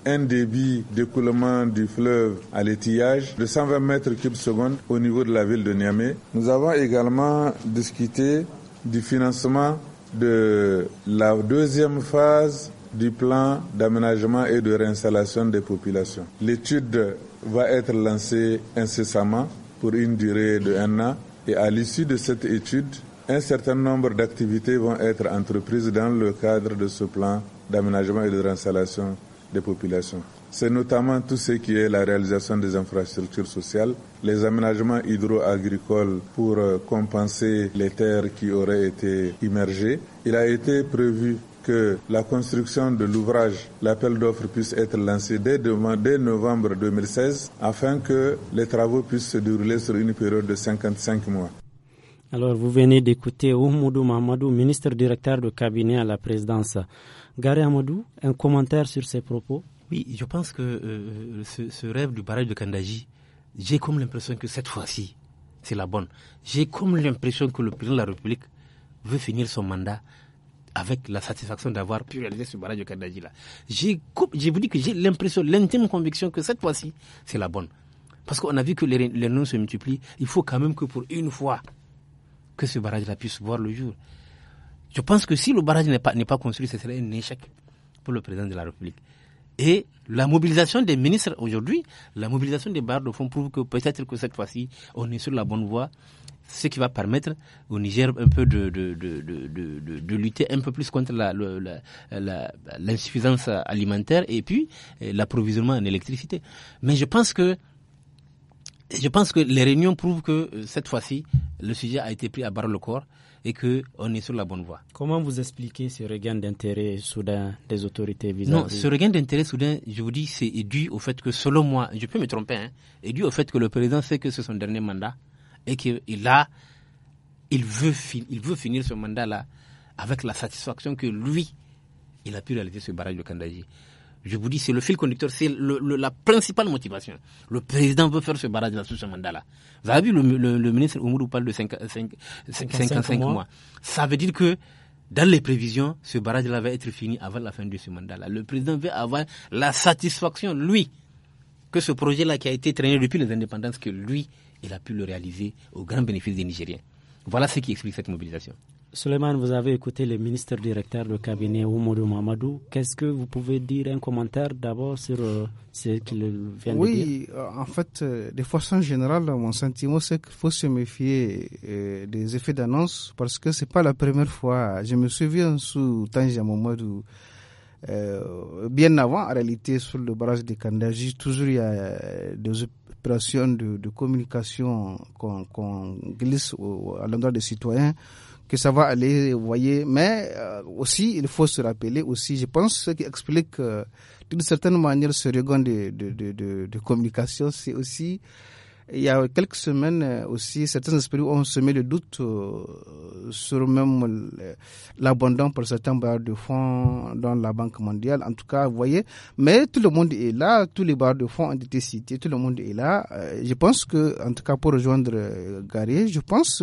S4: un débit d'écoulement du fleuve à l'étillage de 120 mètres cubes secondes au niveau de la ville de Niamey. Nous avons également discuté du financement de la deuxième phase du plan d'aménagement et de réinstallation des populations. L'étude va être lancée incessamment pour une durée de un an et à l'issue de cette étude, un certain nombre d'activités vont être entreprises dans le cadre de ce plan d'aménagement et de réinstallation des populations. C'est notamment tout ce qui est la réalisation des infrastructures sociales, les aménagements hydro-agricoles pour compenser les terres qui auraient été immergées. Il a été prévu que la construction de l'ouvrage, l'appel d'offres puisse être lancé dès, dès novembre 2016 afin que les travaux puissent se dérouler sur une période de 55 mois.
S2: Alors, vous venez d'écouter Oumoudou Mamadou, ministre directeur de cabinet à la présidence. Gary Amadou, un commentaire sur ces propos
S1: Oui, je pense que euh, euh, ce, ce, rêve du barrage de Kandaji, j'ai comme l'impression que cette fois-ci, c'est la bonne. J'ai comme l'impression que le président de la République veut finir son mandat avec la satisfaction d'avoir pu réaliser ce barrage de Kaddaji là. J'ai, je vous dis que j'ai l'impression, l'intime conviction que cette fois-ci, c'est la bonne. Parce qu'on a vu que les, noms se multiplient. Il faut quand même que pour une fois, que ce barrage là puisse voir le jour. Je pense que si le barrage n'est pas, n'est pas construit, ce serait un échec pour le président de la République. Et la mobilisation des ministres aujourd'hui, la mobilisation des barres de fonds prouve que peut-être que cette fois-ci, on est sur la bonne voie ce qui va permettre au Niger un peu de, de, lutter un peu plus contre l'insuffisance alimentaire et puis eh, l'approvisionnement en électricité. Mais je pense que je pense que les réunions prouvent que euh, cette fois-ci, le sujet a été pris à barre le corps et que on est sur la bonne voie. Comment
S2: vous expliquez ce regain
S1: d'intérêt soudain des autorités vis à Non, ce regain d'intérêt soudain, je vous dis, c'est dû au fait que, selon moi, je peux me tromper, hein, est dû au fait que le président sait que c'est son dernier mandat et qu'il a, il veut, il veut finir ce mandat-là avec la satisfaction que lui, il a pu réaliser ce barrage de Kandaji. Je vous dis, c'est le fil conducteur, c'est la principale motivation. Le président veut faire ce barrage-là sous ce mandat-là. Vous avez vu, le, ministre Oumourou parle de 55 mois. Ça veut dire que dans les prévisions, ce barrage-là va être fini avant la fin de ce mandat-là. Le président veut avoir la satisfaction, lui, que ce projet-là qui a été traîné depuis les indépendances, que lui, il a pu le réaliser au grand bénéfice des Nigériens. Voilà ce qui explique cette mobilisation.
S2: Suleiman, vous avez écouté le ministre directeur de cabinet Oumoudou Mamadou. Qu'est-ce que vous pouvez dire, un commentaire d'abord sur euh, ce qu'il vient
S3: de dire Oui, euh, en fait, euh, de façon générale, mon sentiment, c'est qu'il faut se méfier des effets d'annonce parce que ce n'est pas la première fois. Je me souviens sous Tangia Mamadou, bien avant, en réalité, sur le barrage de Kandaji, toujours il y a des de, de communication qu'on glisse au, à l'endroit des citoyens que ça va aller, vous voyez. Mais euh, aussi, il faut se rappeler aussi, je pense, ce qui explique euh, d'une certaine manière ce regard de, de, de, de communication, c'est aussi il y a quelques semaines euh, aussi, certains esprits ont semé le doute euh, sur même euh, l'abandon pour certains barres de fonds dans la Banque mondiale. En tout cas, vous voyez, mais tout le monde est là, tous les barres de fonds ont été cités, tout le monde est là. Je pense que, en tout cas, pour rejoindre Gary, je pense,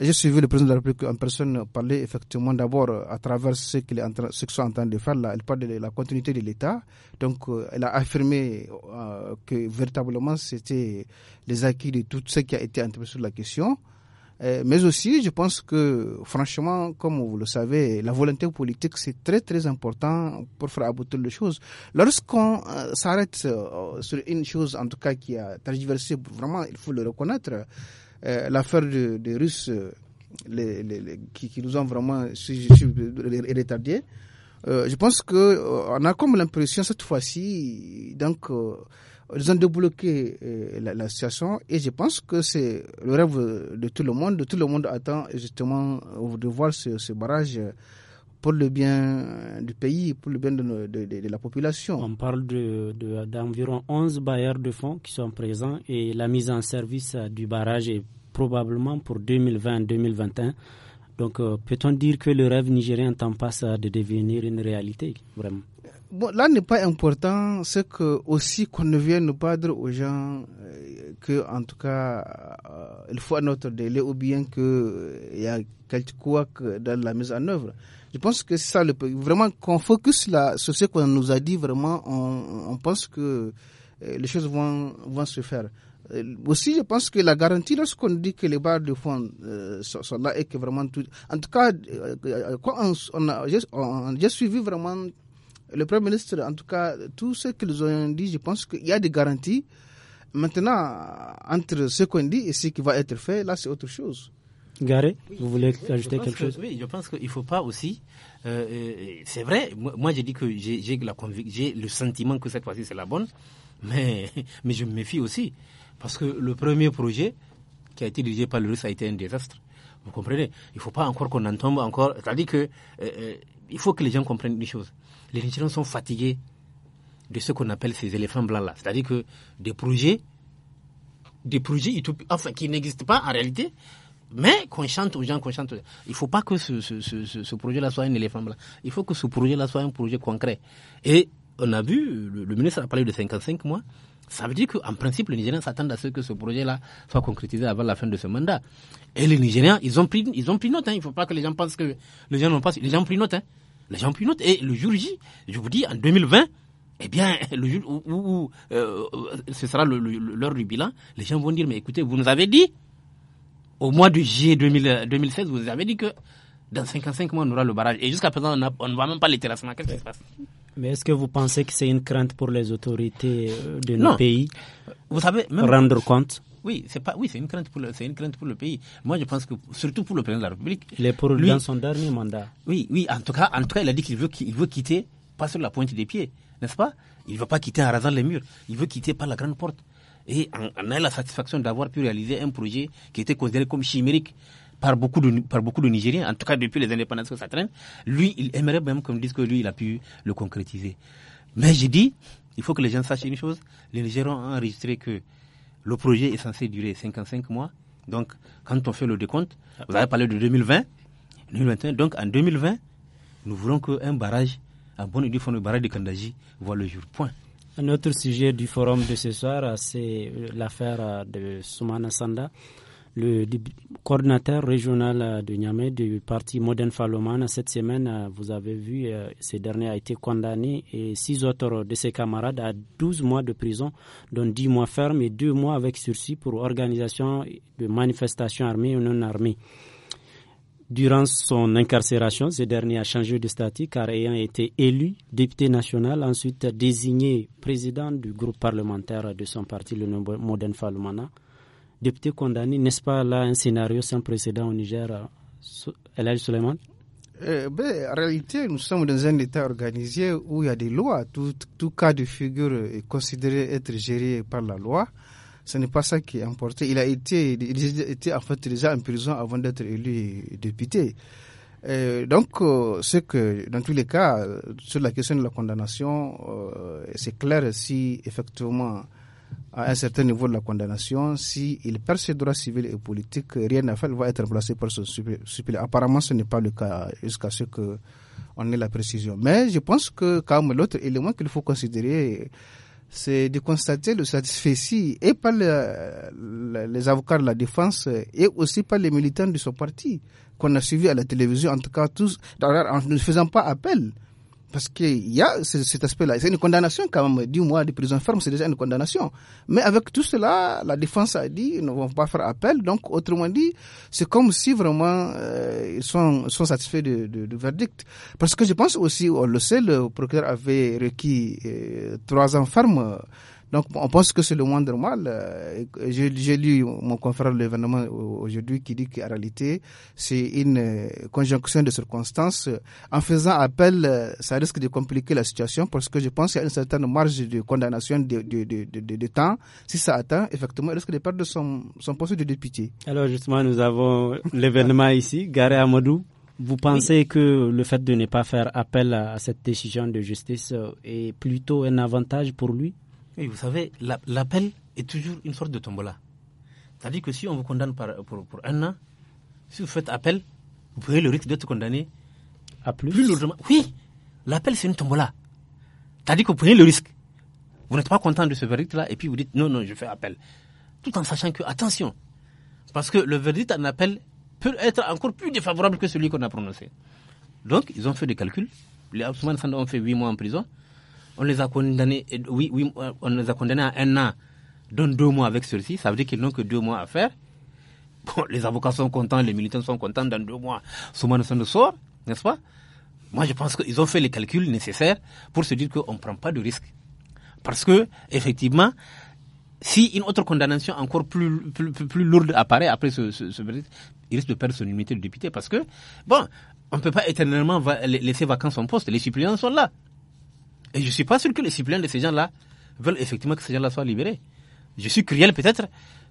S3: j'ai suivi le président de la République en personne parler effectivement d'abord à travers ce qu'il est en train, ce qu'ils sont en train de faire là. Il parle de la continuité de l'État. Donc, elle a affirmé que véritablement c'était les acquis de tout ce qui a été entrepris sur la question. Euh, mais aussi, je pense que, franchement, comme vous le savez, la volonté politique, c'est très, très important pour faire aboutir les choses. Lorsqu'on euh, s'arrête euh, sur une chose, en tout cas, qui a transversé, vraiment, il faut le reconnaître, l'affaire des Russes les, qui, nous ont vraiment retardés. je pense que on a comme l'impression cette fois-ci, donc ils ont débloqué euh, la, situation et je pense que c'est le rêve de tout le monde. Tout le monde attend justement euh, de voir ce, barrage pour le bien du pays, pour le bien de, la population. On parle
S2: d'environ 11 bailleurs de fonds qui sont présents et la mise en service du barrage est probablement pour 2020-2021. Donc, euh, peut-on dire que le rêve nigérien tant passe de devenir une réalité, vraiment
S3: bon, là n'est pas important, c'est que aussi qu'on ne vienne pas dire aux gens euh, que en tout cas euh, il faut un autre délai ou bien que euh, il y a quelque quoi dans la mise en œuvre. Je pense que c'est ça le vraiment qu'on focus là sur ce qu'on nous a dit vraiment on, on pense que les choses vont vont se faire. Aussi, je pense que la garantie, lorsqu'on dit que les barres de fond sont, là et que vraiment tout. En tout cas, on, a, on, a, suivi vraiment le Premier ministre, en tout cas, tout ce qu'ils ont dit, je pense qu'il y a des garanties. Maintenant, entre ce qu'on dit et ce qui va être fait, là, c'est autre chose. Garé, vous voulez ajouter quelque chose
S1: Oui, je pense qu'il ne faut pas aussi. Euh, euh, c'est vrai, moi, j'ai dit que j'ai le sentiment que cette fois-ci c'est la bonne, [laughs] mais, mais je me méfie aussi. Parce que le premier projet qui a été dirigé par le russe a été un désastre. Vous comprenez Il ne faut pas encore qu'on en tombe encore. C'est-à-dire que euh, il faut que les gens comprennent une choses les Nigériens sont fatigués de ce qu'on appelle ces éléphants blancs-là. C'est-à-dire que des projets, des projets enfin, qui n'existent pas en réalité, mais qu'on chante aux gens, qu'on chante aux gens. Il ne faut pas que ce, ce, ce, projet-là soit un éléphant blanc. Il faut que ce projet-là soit un projet concret. Et on a vu, le, ministre a parlé de 55 mois. Ça veut dire qu'en principe, les Nigériens s'attendent à ce que ce projet-là soit concrétisé avant la fin de ce mandat. Et les Nigériens, ils ont pris, ils ont pris note. Hein. Il ne faut pas que les gens pensent que les gens n'ont pas. Les gens ont pris note. Hein. Les la note Et le jour J, je vous dis, en 2020, eh bien, [laughs] le jour où, euh, ce sera l'heure du bilan, les gens vont dire, mais écoutez, vous nous avez dit, au mois de juillet 2016, euh, vous avez dit que dans 55 mois, on aura le barrage. Et jusqu'à présent, on ne voit même pas les terrassements. Qu'est-ce qui se passe
S2: Mais est-ce que vous pensez que c'est une crainte pour les autorités euh, de nos pays Vous savez, même... Rendre compte
S1: oui, c'est pas, oui, c'est une crainte pour le, c'est une crainte pour le pays. Moi, je pense que surtout pour le président de la République. Il est pour lui, dans son
S2: dernier mandat.
S1: Oui, oui. En tout cas, en tout cas, il a dit qu'il veut, qu'il veut quitter pas sur la pointe des pieds, n'est-ce pas Il ne veut pas quitter en rasant les murs. Il veut quitter par la grande porte. Et en a la satisfaction d'avoir pu réaliser un projet qui était considéré comme chimérique par beaucoup de par beaucoup de Nigériens, en tout cas depuis les indépendances que ça traîne. Lui, il aimerait même qu'on dise que lui, il a pu le concrétiser. Mais j'ai dit, il faut que les gens sachent une chose les Nigériens ont enregistré que le projet est censé durer 55 mois. Donc, quand on fait le décompte, vous avez parlé de 2020, Donc, en 2020, nous voulons qu'un barrage, un bon du le barrage de Kandaji, voit le jour. Point.
S2: Un autre sujet du forum de ce soir, c'est l'affaire de Soumana Sanda le coordinateur régional euh, de Niamey du parti Modern Falomana, cette semaine, euh, vous avez vu, euh, ce dernier a été condamné et six autres de ses camarades à 12 mois de prison, dont 10 mois fermes et 2 mois avec sursis pour organisation de manifestations armées ou non armées. Durant son incarcération, ce dernier a changé de statut car ayant été élu député national, ensuite désigné président du groupe parlementaire de son parti, le Modern Falumana, député condamné, n'est-ce pas là un scénario sans précédent au Niger, euh, Suleiman
S3: eh, ben, en réalité, nous sommes dans un État organisé où il y a des lois. Tout, cas de figure est considéré être géré par la loi. Ce n'est pas ça qui est important. Il a été, il était en fait déjà en prison avant d'être élu député. Eh, donc, euh, ce que, dans tous les cas, euh, sur la question de la condamnation, c'est clair si effectivement à un certain niveau de la condamnation, s'il perd ses droits civils et politiques, rien n'a fait, il va être remplacé par son suppléant. Apparemment, ce n'est pas le cas jusqu'à ce qu'on ait la précision. Mais je pense que quand l'autre élément qu'il faut considérer, c'est de constater le satisfait et par les avocats de la défense et aussi par les militants de son parti qu'on a suivi à la télévision, en tout cas tous, en ne faisant pas appel parce qu'il y a cet aspect-là. C'est une condamnation quand même. 10 mois de prison ferme, c'est déjà une condamnation. Mais avec tout cela, la défense a dit, qu'ils ne vont pas faire appel. Donc, autrement dit, c'est comme si vraiment euh, ils sont, sont satisfaits du, verdict. Parce que je pense aussi, on le sait, le procureur avait requis euh, trois ans ferme donc, on pense que c'est le moindre mal. Euh, j'ai lu mon confrère l'événement aujourd'hui qui dit qu'en réalité, c'est une euh, conjonction de circonstances. En faisant appel, euh, ça risque de compliquer la situation parce que je pense qu'il y a une certaine marge de condamnation de, temps. Si ça atteint, effectivement, il risque de perdre son, son poste de député.
S2: Alors, justement, nous avons l'événement ici, Garé Amadou. Vous pensez que le fait de ne pas faire appel à cette décision de justice est plutôt un avantage pour lui
S1: oui, vous savez, l'appel est toujours une sorte de tombola. C'est-à-dire que si on vous condamne pour, un an, si vous faites appel, vous prenez le risque d'être condamné à plus. Oui, l'appel c'est une tombola. C'est-à-dire que vous prenez le risque. Vous n'êtes pas content de ce verdict-là et puis vous dites non, non, je fais appel. Tout en sachant que, attention, parce que le verdict en appel peut être encore plus défavorable que celui qu'on a prononcé. Donc, ils ont fait des calculs. Les Ousmane Sanda ont fait 8 mois en prison on les a condamnés, oui, oui, on les a condamnés à un an, donne deux mois avec celui ci ça veut dire qu'ils n'ont que deux mois à faire. Bon, les avocats sont contents, les militants sont contents, dans deux mois, Souman de sort, n'est-ce pas Moi, je pense qu'ils ont fait les calculs nécessaires pour se dire qu'on ne prend pas de risque. Parce que, effectivement, si une autre condamnation encore plus, plus, lourde apparaît après ce, ce, il risque de perdre son immunité de député parce que, bon, on ne peut pas éternellement laisser vacant son poste. Les suppléants sont là. Et je ne suis pas sûr que les citoyens de ces gens-là veulent effectivement que ces gens-là soient libérés. Je suis cruel peut-être,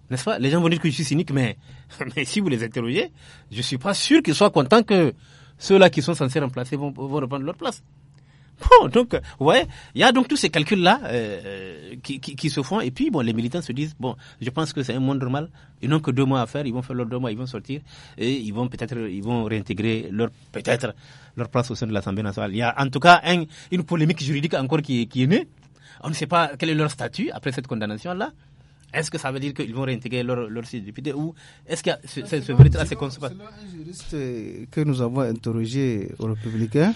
S1: n'est-ce pas Les gens vont dire que je suis cynique, mais, [laughs] si vous les interrogez, je ne suis pas sûr qu'ils soient contents que ceux-là qui sont censés remplacer vont reprendre leur place. Bon, donc, euh, ouais, il y a donc tous ces calculs-là euh, euh, qui, qui, qui, se font. Et puis, bon, les militants se disent, bon, je pense que c'est un monde normal. Ils n'ont que deux mois à faire. Ils vont faire leurs deux mois, ils vont sortir et ils vont peut-être, ils vont réintégrer leur peut-être leur place au sein de l'Assemblée nationale. Il y a en tout cas une polémique juridique encore qui, qui est née. On ne sait pas quel est leur statut après cette condamnation-là. Est-ce que ça veut dire qu'ils vont réintégrer leur, leur député ou est-ce que ce, ce, ce, assez c'est un
S3: juriste que nous avons interrogé aux Républicains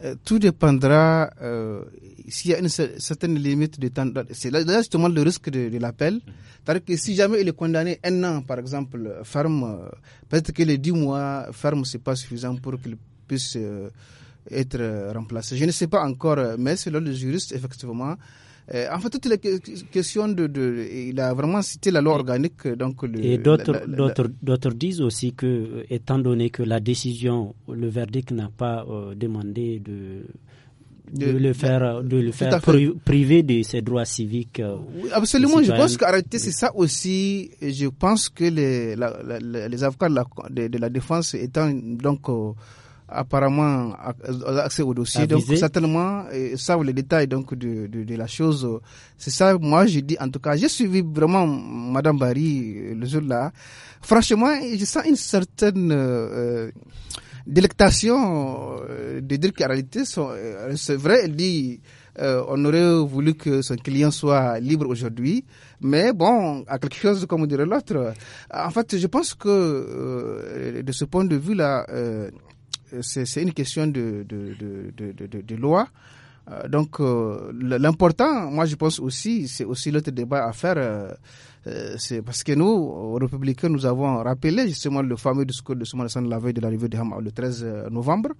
S3: eh, tout dépendra euh, s'il y a une certaine limite de temps. C'est là, justement le risque de, l'appel. parce mhm. que si jamais il est condamné un an, par exemple, euh, ferme, euh, peut-être que les 10 mois ferme, n'est pas suffisant pour qu'il puisse être remplacé. Je ne sais pas encore, mais selon le juriste, effectivement, euh, en fait, toutes les questions de, Il a vraiment cité la loi organique. Euh, donc et d'autres
S2: disent aussi que, euh, étant donné que la décision, le verdict n'a pas demandé de de, le faire, de le faire priver de ses droits civiques. absolument, je pense qu'en
S3: c'est ça aussi. Je pense que les, les avocats de la, de, la défense étant donc apparemment euh, accès au dossier. Donc certainement ils savent les détails donc de, de, de la chose. C'est ça, moi j'ai dit en tout cas, j'ai suivi vraiment Madame Barry euh, le jour-là. Franchement, je sens une certaine euh, délectation de dire qu'en réalité, c'est vrai, elle dit on aurait voulu que son client soit libre aujourd'hui, mais bon, à quelque chose comme dirait l'autre. En fait, je pense que de ce point de vue-là, c'est une question de, de, de, de, loi. Euh, donc euh, l'important, moi je pense aussi, c'est aussi l'autre débat à faire euh, euh, c'est parce que nous, républicains, nous avons rappelé justement le fameux discours de Souman Hassan la veille de l'arrivée de Hamas le 13 euh, novembre,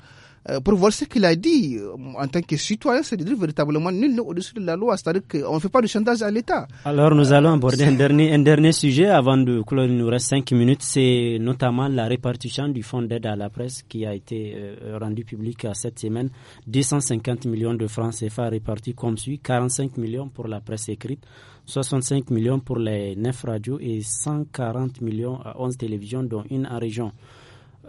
S3: euh, pour voir ce qu'il a dit en tant que citoyen, c'est de dire véritablement nul au-dessus de la loi, c'est-à-dire qu'on ne fait pas de chantage à l'État. Alors
S2: nous allons aborder un dernier, un dernier sujet avant de il nous reste cinq minutes, c'est notamment la répartition du fonds d'aide à la presse qui a été rendu public cette semaine, 250 millions de francs CFA répartis comme suit, 45 millions pour la presse écrite, 65 millions pour les 9 radios et 140 millions à 11 télévisions, dont une en région.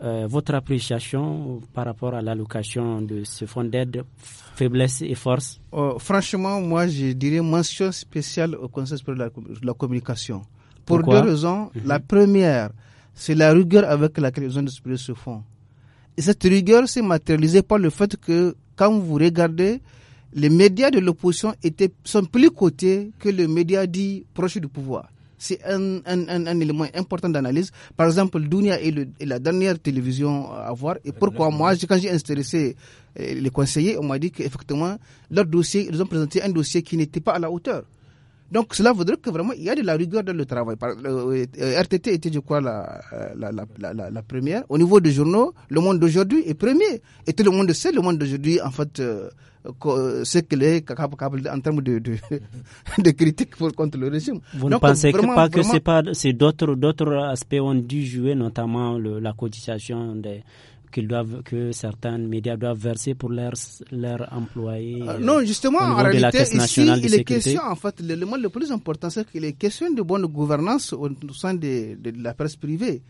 S2: Euh, votre appréciation par rapport
S3: à l'allocation de ce fonds d'aide, faiblesse et force euh, Franchement, moi, je dirais mention spéciale au Conseil pour la, la communication. Pour deux raisons. Mhm. La première, c'est la rigueur avec laquelle ils ont distribué ce fonds. Et cette rigueur s'est matérialisée par le fait que quand vous regardez les médias de l'opposition étaient, sont plus cotés que les médias dits proches du pouvoir. C'est un, un, un, élément important d'analyse. Par exemple, Dunia est, est, la dernière télévision à voir. Et pourquoi moi, quand j'ai intéressé euh, les conseillers, on m'a dit qu'effectivement, leur dossier, ils ont présenté un dossier qui n'était pas à la hauteur. Donc cela voudrait que vraiment il y a de la rigueur dans le travail. RTT euh, euh, était, je crois, euh, la, première. Au niveau des journaux, le monde d'aujourd'hui est premier. Et tout le monde sait, le monde d'aujourd'hui, en fait, ce qu'il est capable en termes de, de, [laughs] critiques contre le régime. Vous ne pensez pas que pas
S2: c'est d'autres aspects ont dû jouer, notamment la cotisation des doivent, que certains médias doivent verser pour leurs, leur employés euh, Non, euh, justement, en réalité, ici, il est question,
S3: en fait, l'élément le plus important, c'est qu'il est question de bonne gouvernance au sein de, de, la presse privée.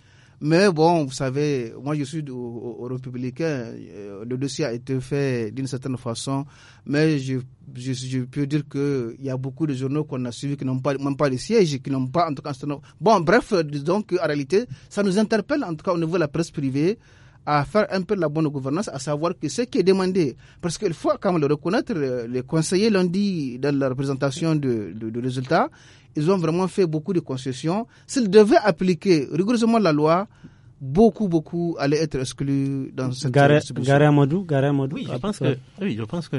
S3: Mais bon, vous savez, moi je suis au, républicain, euh, le dossier a été fait d'une certaine façon, mais je, je, peux dire qu'il y a beaucoup de journaux qu'on a suivis qui n'ont pas, même pas les sièges, qui n'ont pas, en tout cas, bon, bref, donc qu'en réalité, ça nous interpelle, en tout cas au niveau de la presse privée à faire un peu la bonne gouvernance, à savoir que ce qui est demandé, parce qu'il faut quand même le reconnaître, euh, les conseillers l'ont dit dans la représentation du résultat, de, résultats, ils ont vraiment fait beaucoup de concessions. S'ils devaient appliquer rigoureusement la loi, beaucoup, beaucoup allaient être exclus dans ce Gare, Gare Amadou,
S2: Oui, je pense que, oui, je pense que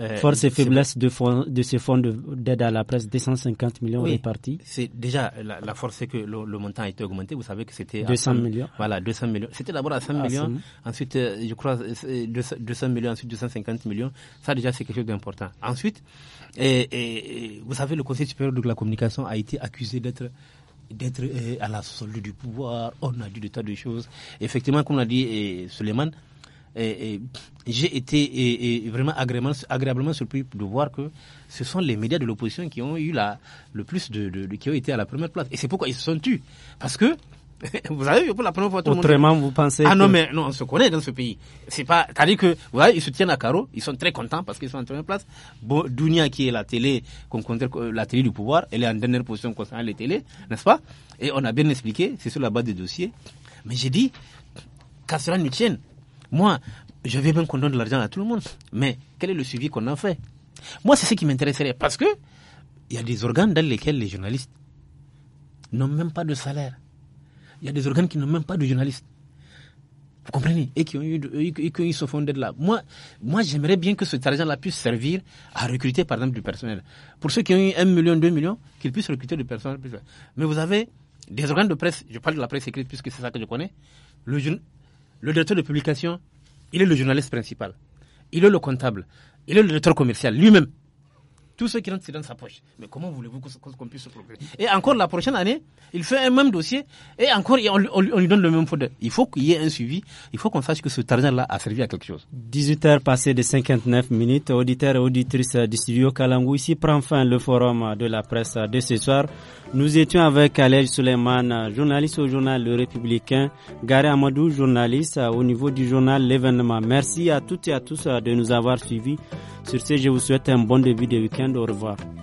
S2: euh, Force et faiblesse de, fonds, de ces fonds d'aide à la presse, 250 millions oui, C'est
S1: déjà la, force, c'est que le, montant a été augmenté. Vous savez que c'était 200 millions. Voilà, 200 millions. C'était d'abord à 5 ah, euh, euh, millions, ensuite, je crois, 200 millions, ensuite 250 millions. Ça, déjà, c'est quelque chose d'important. Ensuite, et, vous savez, le Conseil supérieur de la communication a été accusé d'être d'être euh, à la solde du pouvoir. On a dit des tas de choses. Effectivement, comme l'a dit euh, Suleiman, euh, j'ai été vraiment agréablement, agréablement, surpris de voir que ce sont les médias de l'opposition qui ont eu la, le plus de, qui ont été à la première place. Et c'est pourquoi ils se sont tus. Parce que [laughs] vous savez, pour la première fois, tout Autrement, vous pensez. Ah non, mais non, on se connaît dans ce pays. C'est pas. que, voilà ils se tiennent à Caro ils sont très contents parce qu'ils sont en première place. Dounia qui est la télé, euh, la télé du pouvoir, elle est en dernière position concernant les télés, n'est-ce pas Et on a bien expliqué, c'est sur la base des dossiers. Mais j'ai dit, qu'à cela Moi, je vais même qu'on donne de l'argent à tout le monde. Mais quel est le suivi qu'on a fait Moi, c'est ce qui m'intéresserait parce que il y a des organes dans lesquels les journalistes n'ont même pas de salaire. Il y a des organes qui n'ont même pas de journalistes. Vous comprenez Et qui ont eu, et qui là Moi, moi j'aimerais bien que cet argent-là puisse servir à recruter, par exemple, du personnel. Pour ceux qui ont eu 1 million, 2 millions, qu'ils puissent recruter du personnel. Mais vous avez des organes de presse, je parle de la presse écrite puisque c'est ça que je connais. Le, le directeur de publication, il est le journaliste principal. Il est le comptable. Il est le directeur commercial lui-même tous ceux qui rentrent dans sa poche. Mais comment voulez-vous qu'on puisse se progresser Et encore la prochaine année, il fait un même dossier
S2: et encore on, lui donne le même fauteuil. Il faut qu'il y ait un suivi. Il faut qu'on sache que ce terrain là a servi à quelque chose. 18 h passées de 59 minutes, Auditeur, et auditrices du studio Kalangou, ici prend fin le forum de la presse de ce soir. Nous étions avec Alej Suleiman, journaliste au journal Le Républicain, Gary Amadou, journaliste au niveau du journal L'événement. Merci à toutes et à tous de nous avoir suivis. Sur ce, je vous souhaite un bon début de week-end. Au